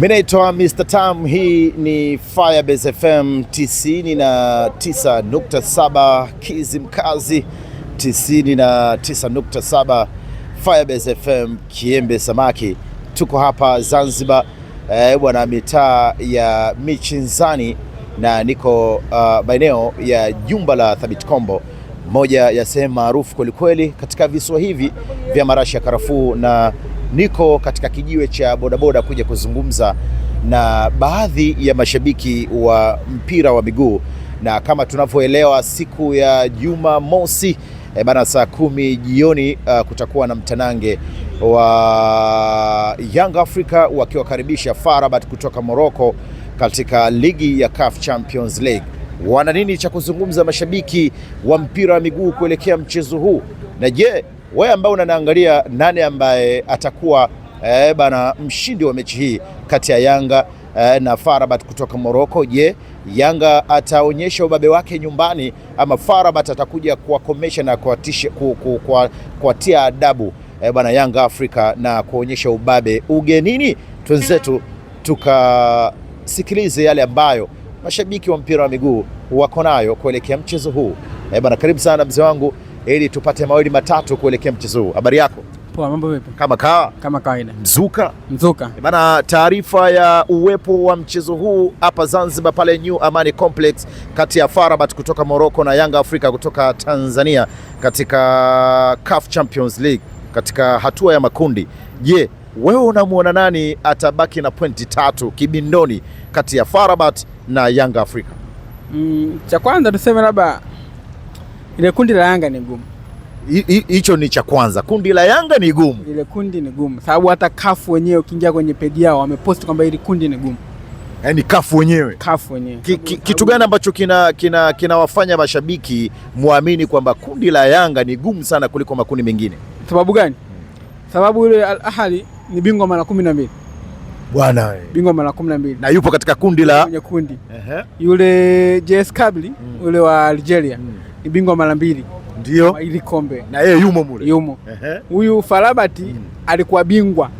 mi naitwa Mr. Tam, hii ni Firebase FM 99.7 Kizimkazi, 99.7 Firebase FM Kiembe Samaki. Tuko hapa Zanzibar eh, bwana, mitaa ya Michinzani na niko uh, maeneo ya jumba la Thabit Kombo, moja ya sehemu maarufu kwelikweli katika visiwa hivi vya marashi ya karafuu na niko katika kijiwe cha bodaboda kuja kuzungumza na baadhi ya mashabiki wa mpira wa miguu, na kama tunavyoelewa siku ya Jumamosi E bana, saa kumi jioni uh, kutakuwa na mtanange wa Young Africa wakiwakaribisha FAR Rabat kutoka Morocco katika ligi ya CAF Champions League. Wana nini cha kuzungumza mashabiki wa mpira wa miguu kuelekea mchezo huu? Na je, wewe ambao unanaangalia nani ambaye atakuwa eh, bana mshindi wa mechi hii kati ya Yanga eh, na Farabat kutoka Morocco? Je, Yanga ataonyesha ubabe wake nyumbani ama Farabat atakuja kuwakomesha na kuwatia ku, ku, ku, ku, adabu eh, bana Yanga Afrika na kuonyesha ubabe ugenini? Twenzetu tukasikilize yale ambayo mashabiki wa mpira wa miguu wako nayo kuelekea mchezo huu. eh, bana karibu sana mzee wangu ili tupate mawili matatu kuelekea mchezo huu. Habari yako? Poa, mambo vipi? Kama kawa? Kama kawaida. Mzuka? Mzuka. Bana, eh, taarifa ya uwepo wa mchezo huu hapa Zanzibar pale New Amani Complex kati ya Farabat kutoka Morocco na Yanga Afrika kutoka Tanzania katika CAF Champions League katika hatua ya makundi. Je, wewe unamwona nani atabaki na pointi tatu kibindoni kati ya Farabat na Yanga Afrika? Mm, cha kwanza tuseme labda ile kundi la Yanga ni gumu, hicho ni cha kwanza. Kundi la Yanga ni gumu, ile kundi ni gumu, sababu hata kafu wenyewe ukiingia kwenye peji yao wamepost kwamba ile kundi ni gumu. Yaani kafu wenyewe, kafu wenyewe. Ki, ki, kitu gani ambacho kinawafanya kina, kina mashabiki muamini kwamba kundi la Yanga ni gumu sana kuliko makundi mengine? Sababu gani? Sababu yule Al Ahly ni bingwa mara kumi na mbili bwana, bingwa mara kumi na mbili na yupo katika kundi la kwenye kundi uh -huh. Yule JS Kabli mm. yule wa Algeria mm ni bingwa mara mbili ndio ili kombe na yeye yumo mule yumo. Huyu Farabati mm. Mm-hmm. alikuwa bingwa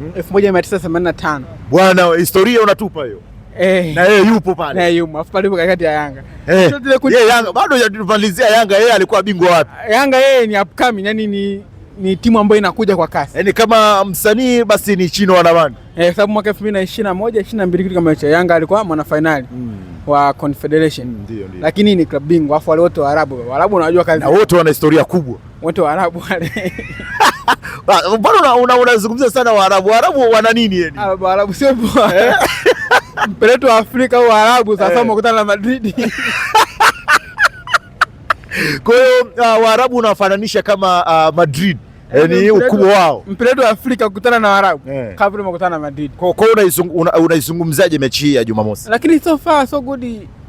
mm -hmm. 1985 bwana, historia unatupa hiyo eh, na yeye yupo pale, na yeye yumo afu pale kati ya Yanga eh. Yeye Yanga bado hajatuvalizia Yanga, yeye alikuwa bingwa wapi Yanga? Yeye ni upcoming, yani ni ni timu ambayo inakuja kwa kasi. Yaani kama msanii basi ni Chino wa Damani. Eh, sababu mwaka 2021, 22 kitu kama hicho Yanga alikuwa mwana finali mm. wa Confederation. Mm, ndio ndio. Lakini ni club bingwa afu wale wote wa Waarabu. Waarabu wanajua kazi. Na wote wana historia kubwa. Wote wa Arabu wale. Ah, Bado una unazungumzia sana Waarabu. Waarabu wana nini yani? Ah, Arabu sio poa. Mpeleto wa Afrika au Waarabu sasa eh. Mkutana na Madrid. Kwa hiyo uh, Waarabu unafananisha kama uh, Madrid eh, ni ukubwa wao mpeleto wa Afrika kukutana na Waarabu yeah. Kabla vile umekutana na Madrid. Kwa hiyo unaizungumzaje una mechi hii ya Jumamosi? Lakini so far so good,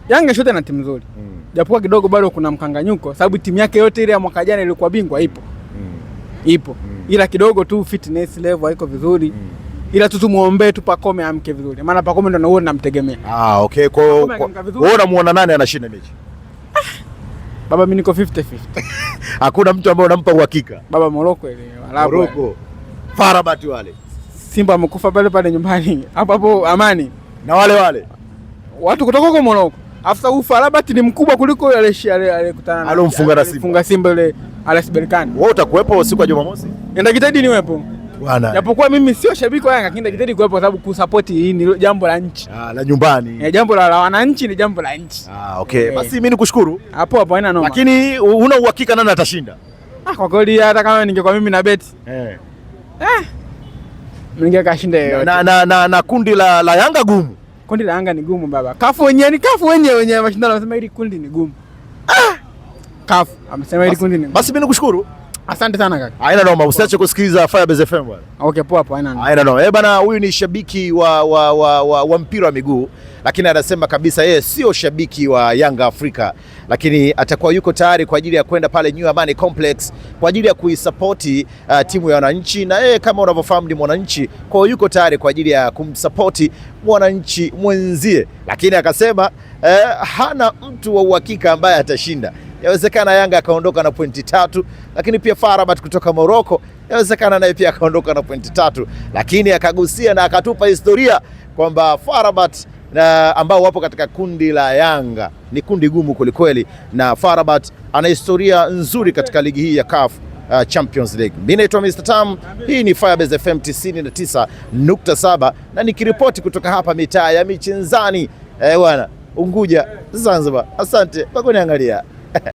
Yanga shote na timu nzuri mm. Japokuwa kidogo bado kuna mkanganyuko, sababu timu yake yote ile ya mwaka jana ilikuwa bingwa ipo mm. ipo mm. ila kidogo tu fitness level haiko vizuri mm. ila tu tumuombe tu Pakome amke vizuri, maana Pakome ndo nauo namtegemea. Ah, okay. Kwa hiyo wewe unamuona nani anashinda mechi? Baba mimi niko 50 50. Hakuna mtu ambaye unampa uhakika. Baba Moroko ile, Arabu. Moroko. Farabat wale. Simba amekufa pale pale nyumbani. Hapo hapo Amani. Na wale wale. Watu kutoka huko Moroko. Afsa Farabat ni mkubwa kuliko yale yale alikutana Alomfunga na Simba. Funga Simba ile Alas Berkane. Wewe utakuwepo siku ya Jumamosi? Ninajitahidi niwepo japokuwa mimi sio shabiki wa Yanga, lakini najitahidi kuwepo, sababu kusapoti hii ni jambo la nchi Ah, la nyumbani, ni eh, jambo la wananchi, ni jambo la nchi. Ah, Okay, eh. basi mimi nikushukuru hapo hapo, haina noma. Lakini una uhakika nani atashinda? Ah, kwa kweli hata kama ningekuwa mimi na beti eh, eh ningekashinda na, na, na, na kundi la, la Yanga gumu. Kundi la Yanga ni gumu baba. Kafu wenyewe ni kafu wenyewe wenyewe mashindano, wanasema hili kundi ni gumu. Ah! Kafu amesema hili kundi ni gumu. Basi mimi nikushukuru. Asante sana kaka. Haina noma, usiache kusikiliza Firebase FM bwana. Okay, poa poa, haina noma. Haina noma. Eh, bana huyu ni shabiki wa wa wa, wa, wa mpira wa miguu lakini anasema kabisa yeye sio shabiki wa Yanga Afrika, lakini atakuwa yuko tayari kwa ajili ya kwenda pale New Amani Complex kwa ajili ya kuisapoti uh, timu ya wananchi, na yeye kama unavyofahamu ni mwananchi, kwa hiyo yuko tayari kwa ajili ya kumsapoti mwananchi mwenzie, lakini akasema eh, hana mtu wa uhakika ambaye atashinda yawezekana Yanga akaondoka na pointi tatu, lakini pia Farabat kutoka Morocco yawezekana naye pia akaondoka na pointi tatu, lakini akagusia na akatupa historia kwamba Farabat na ambao wapo katika kundi la Yanga ni kundi gumu kwelikweli, na Farabat ana historia nzuri katika ligi hii ya CAF uh, Champions League. Mimi naitwa Mr. Tam, hii ni Firebase FM 99.7 na nikiripoti kutoka hapa mitaa ya Michenzani eh, bwana Unguja, Zanzibar. Asante kwa kuniangalia.